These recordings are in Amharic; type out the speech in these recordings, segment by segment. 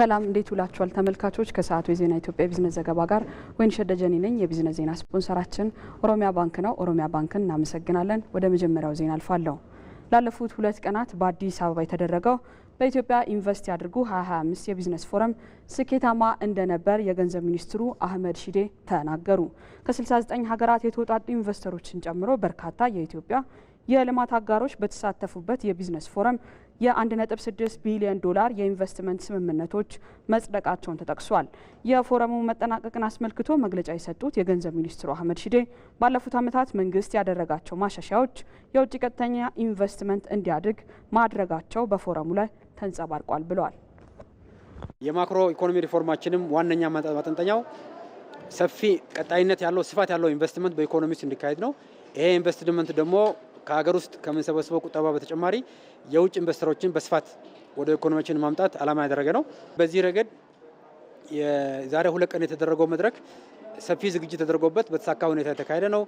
ሰላም እንዴት ውላችኋል ተመልካቾች። ከሰዓቱ የዜና ኢትዮጵያ የቢዝነስ ዘገባ ጋር ወይን ሸደጀኒ ነኝ። የቢዝነስ ዜና ስፖንሰራችን ኦሮሚያ ባንክ ነው። ኦሮሚያ ባንክን እናመሰግናለን። ወደ መጀመሪያው ዜና አልፋለሁ። ላለፉት ሁለት ቀናት በአዲስ አበባ የተደረገው በኢትዮጵያ ኢንቨስት ያድርጉ 2025 የቢዝነስ ፎረም ስኬታማ እንደነበር የገንዘብ ሚኒስትሩ አህመድ ሺዴ ተናገሩ። ከ69 ሀገራት የተውጣጡ ኢንቨስተሮችን ጨምሮ በርካታ የኢትዮጵያ የልማት አጋሮች በተሳተፉበት የቢዝነስ ፎረም የ1.6 ቢሊዮን ዶላር የኢንቨስትመንት ስምምነቶች መጽደቃቸውን ተጠቅሷል። የፎረሙ መጠናቀቅን አስመልክቶ መግለጫ የሰጡት የገንዘብ ሚኒስትሩ አህመድ ሺዴ ባለፉት ዓመታት መንግስት ያደረጋቸው ማሻሻያዎች የውጭ ቀጥተኛ ኢንቨስትመንት እንዲያድግ ማድረጋቸው በፎረሙ ላይ ተንጸባርቋል ብለዋል። የማክሮ ኢኮኖሚ ሪፎርማችንም ዋነኛ ማጠንጠኛው ሰፊ ቀጣይነት ያለው ስፋት ያለው ኢንቨስትመንት በኢኮኖሚ ውስጥ እንዲካሄድ ነው። ይሄ ኢንቨስትመንት ደግሞ ከሀገር ውስጥ ከምንሰበስበው ቁጠባ በተጨማሪ የውጭ ኢንቨስተሮችን በስፋት ወደ ኢኮኖሚያችን ማምጣት ዓላማ ያደረገ ነው። በዚህ ረገድ የዛሬ ሁለት ቀን የተደረገው መድረክ ሰፊ ዝግጅት ተደርጎበት በተሳካ ሁኔታ የተካሄደ ነው።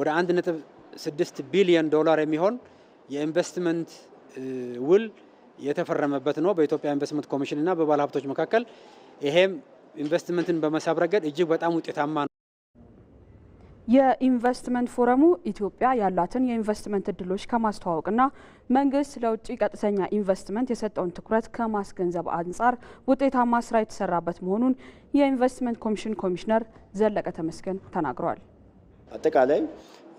ወደ አንድ ስድስት ቢሊዮን ዶላር የሚሆን የኢንቨስትመንት ውል የተፈረመበት ነው በኢትዮጵያ ኢንቨስትመንት ኮሚሽን እና በባለሀብቶች መካከል። ይሄም ኢንቨስትመንትን በመሳብ ረገድ እጅግ በጣም ውጤታማ ነው። የኢንቨስትመንት ፎረሙ ኢትዮጵያ ያላትን የኢንቨስትመንት እድሎች ከማስተዋወቅና መንግስት ለውጭ ቀጥተኛ ኢንቨስትመንት የሰጠውን ትኩረት ከማስገንዘብ አንጻር ውጤታማ ስራ የተሰራበት መሆኑን የኢንቨስትመንት ኮሚሽን ኮሚሽነር ዘለቀ ተመስገን ተናግረዋል። አጠቃላይ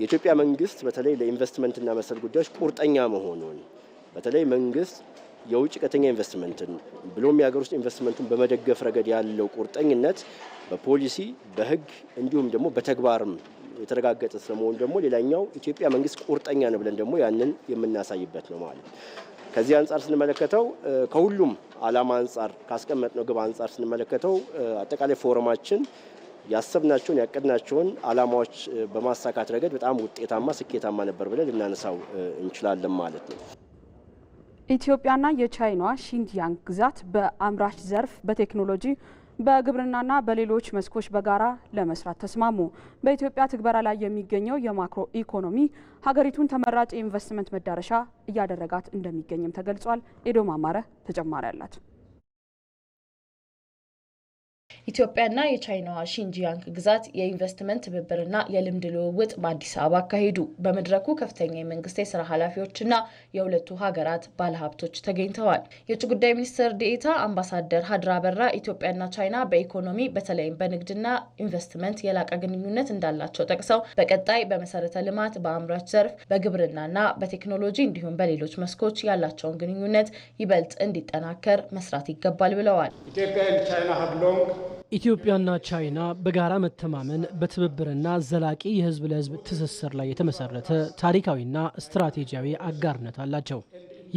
የኢትዮጵያ መንግስት በተለይ ለኢንቨስትመንትና መሰል ጉዳዮች ቁርጠኛ መሆኑን በተለይ መንግስት የውጭ ቀጥተኛ ኢንቨስትመንትን ብሎም የሀገር ውስጥ ኢንቨስትመንቱን በመደገፍ ረገድ ያለው ቁርጠኝነት በፖሊሲ በህግ እንዲሁም ደግሞ በተግባርም የተረጋገጠ ስለመሆኑ ደግሞ ሌላኛው ኢትዮጵያ መንግስት ቁርጠኛ ነው ብለን ደግሞ ያንን የምናሳይበት ነው ማለት ነው። ከዚህ አንጻር ስንመለከተው ከሁሉም አላማ አንጻር ካስቀመጥነው ግብ አንጻር ስንመለከተው አጠቃላይ ፎረማችን ያሰብናቸውን ያቀድናቸውን አላማዎች በማሳካት ረገድ በጣም ውጤታማ፣ ስኬታማ ነበር ብለን ልናነሳው እንችላለን ማለት ነው። ኢትዮጵያና የቻይናዋ ሺንጂያንግ ግዛት በአምራች ዘርፍ በቴክኖሎጂ በግብርናና በሌሎች መስኮች በጋራ ለመስራት ተስማሙ። በኢትዮጵያ ትግበራ ላይ የሚገኘው የማክሮ ኢኮኖሚ ሀገሪቱን ተመራጭ የኢንቨስትመንት መዳረሻ እያደረጋት እንደሚገኝም ተገልጿል። ኤዶም አማረ ተጨማሪ አላት። ኢትዮጵያና የቻይናዋ ሺንጂያንግ ግዛት የኢንቨስትመንት ትብብርና የልምድ ልውውጥ በአዲስ አበባ አካሄዱ። በመድረኩ ከፍተኛ የመንግስት የስራ ኃላፊዎችና የሁለቱ ሀገራት ባለሀብቶች ተገኝተዋል። የውጭ ጉዳይ ሚኒስትር ዴኤታ አምባሳደር ሀድራ በራ ኢትዮጵያና ቻይና በኢኮኖሚ በተለይም በንግድና ኢንቨስትመንት የላቀ ግንኙነት እንዳላቸው ጠቅሰው በቀጣይ በመሰረተ ልማት፣ በአምራች ዘርፍ፣ በግብርናና በቴክኖሎጂ እንዲሁም በሌሎች መስኮች ያላቸውን ግንኙነት ይበልጥ እንዲጠናከር መስራት ይገባል ብለዋል። ኢትዮጵያና ቻይና በጋራ መተማመን በትብብርና ዘላቂ የህዝብ ለህዝብ ትስስር ላይ የተመሰረተ ታሪካዊና ስትራቴጂያዊ አጋርነት አላቸው።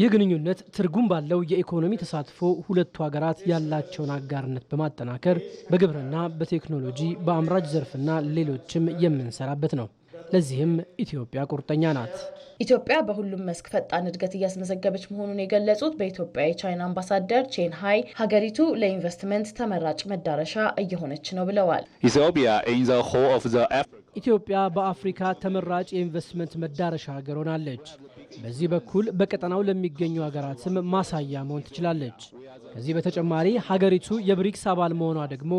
ይህ ግንኙነት ትርጉም ባለው የኢኮኖሚ ተሳትፎ ሁለቱ ሀገራት ያላቸውን አጋርነት በማጠናከር በግብርና፣ በቴክኖሎጂ፣ በአምራች ዘርፍና ሌሎችም የምንሰራበት ነው። ለዚህም ኢትዮጵያ ቁርጠኛ ናት። ኢትዮጵያ በሁሉም መስክ ፈጣን እድገት እያስመዘገበች መሆኑን የገለጹት በኢትዮጵያ የቻይና አምባሳደር ቼን ሀይ ሀገሪቱ ለኢንቨስትመንት ተመራጭ መዳረሻ እየሆነች ነው ብለዋል። ኢትዮጵያ በአፍሪካ ተመራጭ የኢንቨስትመንት መዳረሻ ሀገር ሆናለች። በዚህ በኩል በቀጠናው ለሚገኙ ሀገራትም ማሳያ መሆን ትችላለች። ከዚህ በተጨማሪ ሀገሪቱ የብሪክስ አባል መሆኗ ደግሞ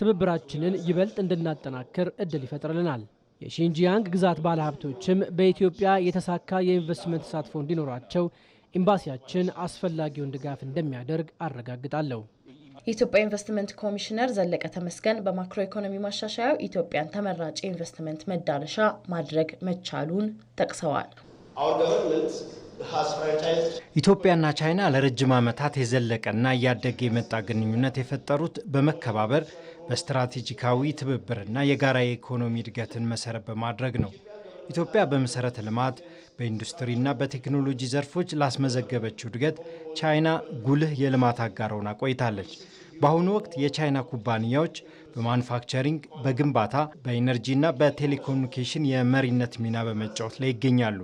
ትብብራችንን ይበልጥ እንድናጠናክር እድል ይፈጥርልናል። የሺንጂያንግ ግዛት ባለሀብቶችም በኢትዮጵያ የተሳካ የኢንቨስትመንት ተሳትፎ እንዲኖራቸው ኤምባሲያችን አስፈላጊውን ድጋፍ እንደሚያደርግ አረጋግጣለሁ። የኢትዮጵያ ኢንቨስትመንት ኮሚሽነር ዘለቀ ተመስገን በማክሮ ኢኮኖሚ ማሻሻያው ኢትዮጵያን ተመራጭ የኢንቨስትመንት መዳረሻ ማድረግ መቻሉን ጠቅሰዋል። ኢትዮጵያና ቻይና ለረጅም ዓመታት የዘለቀና እያደገ የመጣ ግንኙነት የፈጠሩት በመከባበር በስትራቴጂካዊ ትብብርና የጋራ የኢኮኖሚ እድገትን መሰረት በማድረግ ነው። ኢትዮጵያ በመሰረተ ልማት በኢንዱስትሪና በቴክኖሎጂ ዘርፎች ላስመዘገበችው እድገት ቻይና ጉልህ የልማት አጋር ሆና ቆይታለች። በአሁኑ ወቅት የቻይና ኩባንያዎች በማኑፋክቸሪንግ፣ በግንባታ፣ በኢነርጂና በቴሌኮሙኒኬሽን የመሪነት ሚና በመጫወት ላይ ይገኛሉ።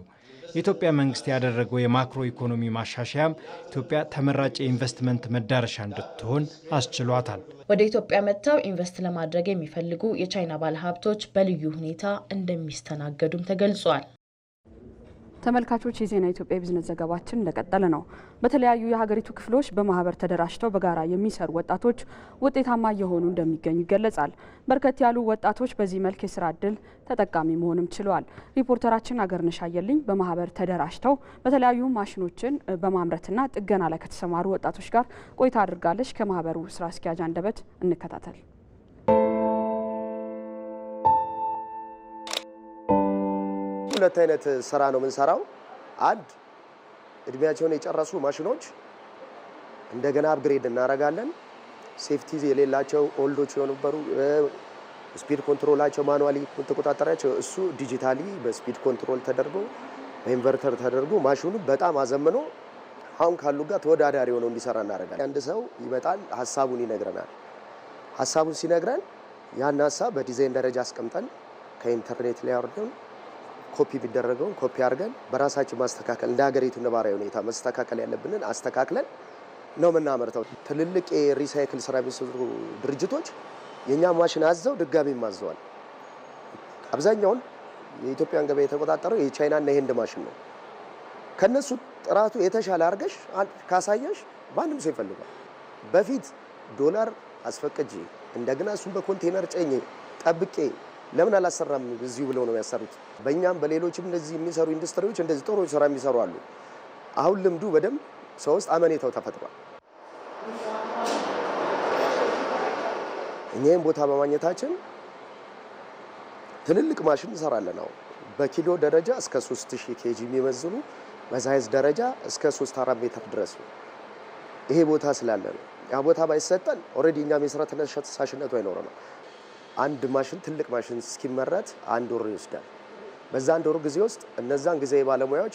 የኢትዮጵያ መንግስት ያደረገው የማክሮ ኢኮኖሚ ማሻሻያም ኢትዮጵያ ተመራጭ የኢንቨስትመንት መዳረሻ እንድትሆን አስችሏታል። ወደ ኢትዮጵያ መጥተው ኢንቨስት ለማድረግ የሚፈልጉ የቻይና ባለሀብቶች በልዩ ሁኔታ እንደሚስተናገዱም ተገልጿል። ተመልካቾች የዜና ኢትዮጵያ የቢዝነስ ዘገባችን እንደቀጠለ ነው። በተለያዩ የሀገሪቱ ክፍሎች በማህበር ተደራጅተው በጋራ የሚሰሩ ወጣቶች ውጤታማ እየሆኑ እንደሚገኙ ይገለጻል። በርከት ያሉ ወጣቶች በዚህ መልክ የስራ እድል ተጠቃሚ መሆንም ችለዋል። ሪፖርተራችን አገርነሽ አየልኝ በማህበር ተደራጅተው በተለያዩ ማሽኖችን በማምረትና ጥገና ላይ ከተሰማሩ ወጣቶች ጋር ቆይታ አድርጋለች። ከማህበሩ ስራ አስኪያጅ አንደበት እንከታተል። ሁለት አይነት ስራ ነው የምንሰራው። አንድ እድሜያቸውን የጨረሱ ማሽኖች እንደገና አፕግሬድ እናደርጋለን። ሴፍቲ የሌላቸው ኦልዶች የነበሩ ስፒድ ኮንትሮላቸው ማኑዋሊ ተቆጣጠሪያቸው እሱ ዲጂታሊ በስፒድ ኮንትሮል ተደርጎ በኢንቨርተር ተደርጎ ማሽኑ በጣም አዘምኖ አሁን ካሉ ጋር ተወዳዳሪ ሆነው እንዲሰራ እናደርጋለን። አንድ ሰው ይመጣል፣ ሀሳቡን ይነግረናል። ሀሳቡን ሲነግረን ያን ሀሳብ በዲዛይን ደረጃ አስቀምጠን ከኢንተርኔት ላይ አውርደን ኮፒ የሚደረገውን ኮፒ አድርገን በራሳችን ማስተካከል እንደ ሀገሪቱ ነባራዊ ሁኔታ መስተካከል ያለብንን አስተካክለን ነው የምናመርተው። ትልልቅ የሪሳይክል ስራ የሚሰሩ ድርጅቶች የእኛ ማሽን አዘው ድጋሚም አዘዋል። አብዛኛውን የኢትዮጵያን ገበያ የተቆጣጠረው የቻይናና የህንድ ማሽን ነው። ከነሱ ጥራቱ የተሻለ አድርገሽ ካሳየሽ በአንድም ሰው ይፈልጋል። በፊት ዶላር አስፈቅጄ እንደገና እሱን በኮንቴነር ጨኜ ጠብቄ ለምን አላሰራም እዚሁ ብለው ነው ያሰሩት። በእኛም በሌሎችም እንደዚህ የሚሰሩ ኢንዱስትሪዎች እንደዚህ ጥሩ ስራ የሚሰሩ አሉ። አሁን ልምዱ በደንብ ሰው አመኔታው ተፈጥሯል። እኛም ቦታ በማግኘታችን ትልልቅ ማሽን እንሰራለን። አሁን በኪሎ ደረጃ እስከ 3000 ኬጂ የሚመዝኑ በሳይዝ ደረጃ እስከ 3 4 ሜትር ድረስ ነው። ይሄ ቦታ ስላለ ነው። ያ ቦታ ባይሰጠን ኦልሬዲ እኛም የስራ ተነሳሽነቱ ነው። አንድ ማሽን ትልቅ ማሽን እስኪመረት አንድ ወር ይወስዳል። በዛ አንድ ወር ጊዜ ውስጥ እነዛን ጊዜ ባለሙያዎች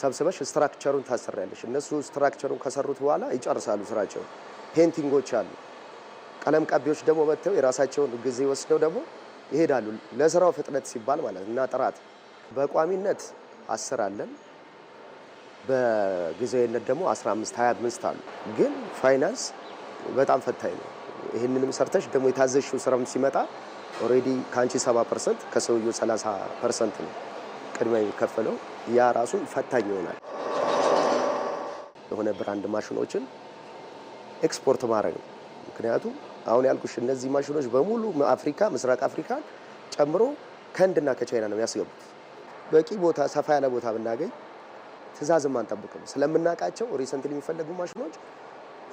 ሰብስበሽ ስትራክቸሩን ታሰሪያለሽ። እነሱ ስትራክቸሩን ከሰሩት በኋላ ይጨርሳሉ ስራቸው ፔንቲንጎች አሉ። ቀለም ቀቢዎች ደግሞ መጥተው የራሳቸውን ጊዜ ወስደው ደግሞ ይሄዳሉ። ለስራው ፍጥነት ሲባል ማለት እና ጥራት በቋሚነት አስር አለን። በጊዜያዊነት ደግሞ 15 25 አሉ። ግን ፋይናንስ በጣም ፈታኝ ነው። ይህንንም ሰርተሽ ደግሞ የታዘሽው ስራም ሲመጣ ኦልሬዲ ከአንቺ 70 ፐርሰንት ከሰውየው 30 ፐርሰንት ነው ቅድሚያ የሚከፈለው። ያ ራሱ ፈታኝ ይሆናል። የሆነ ብራንድ ማሽኖችን ኤክስፖርት ማድረግ ነው። ምክንያቱም አሁን ያልኩሽ እነዚህ ማሽኖች በሙሉ አፍሪካ፣ ምስራቅ አፍሪካ ጨምሮ ከህንድና ከቻይና ነው የሚያስገቡት። በቂ ቦታ፣ ሰፋ ያለ ቦታ ብናገኝ ትእዛዝም አንጠብቅም። ስለምናውቃቸው ሪሰንትሊ የሚፈለጉ ማሽኖች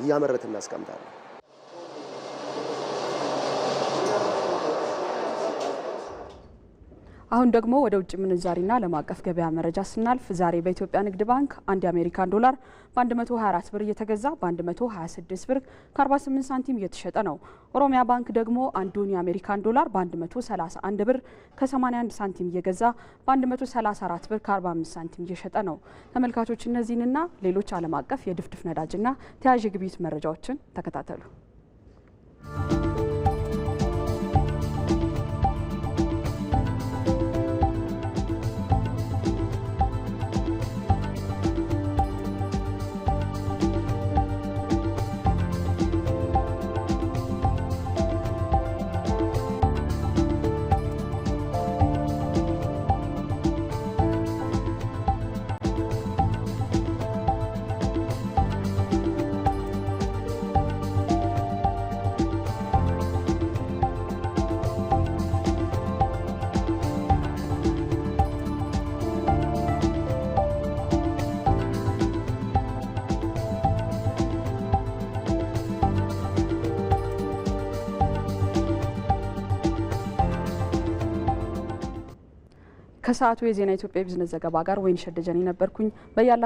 እያመረትን እናስቀምጣለን። አሁን ደግሞ ወደ ውጭ ምንዛሪና ዓለም አቀፍ ገበያ መረጃ ስናልፍ ዛሬ በኢትዮጵያ ንግድ ባንክ አንድ የአሜሪካን ዶላር በ124 ብር እየተገዛ በ126 ብር ከ48 ሳንቲም እየተሸጠ ነው። ኦሮሚያ ባንክ ደግሞ አንዱን የአሜሪካን ዶላር በ131 ብር ከ81 ሳንቲም እየገዛ በ134 ብር ከ45 ሳንቲም እየሸጠ ነው። ተመልካቾች እነዚህንና ሌሎች ዓለም አቀፍ የድፍድፍ ነዳጅና ተያዥ ግብይት መረጃዎችን ተከታተሉ። ከሰዓቱ የዜና ኢትዮጵያ ቢዝነስ ዘገባ ጋር ወይን ሸደጀን ነበርኩኝ በያላ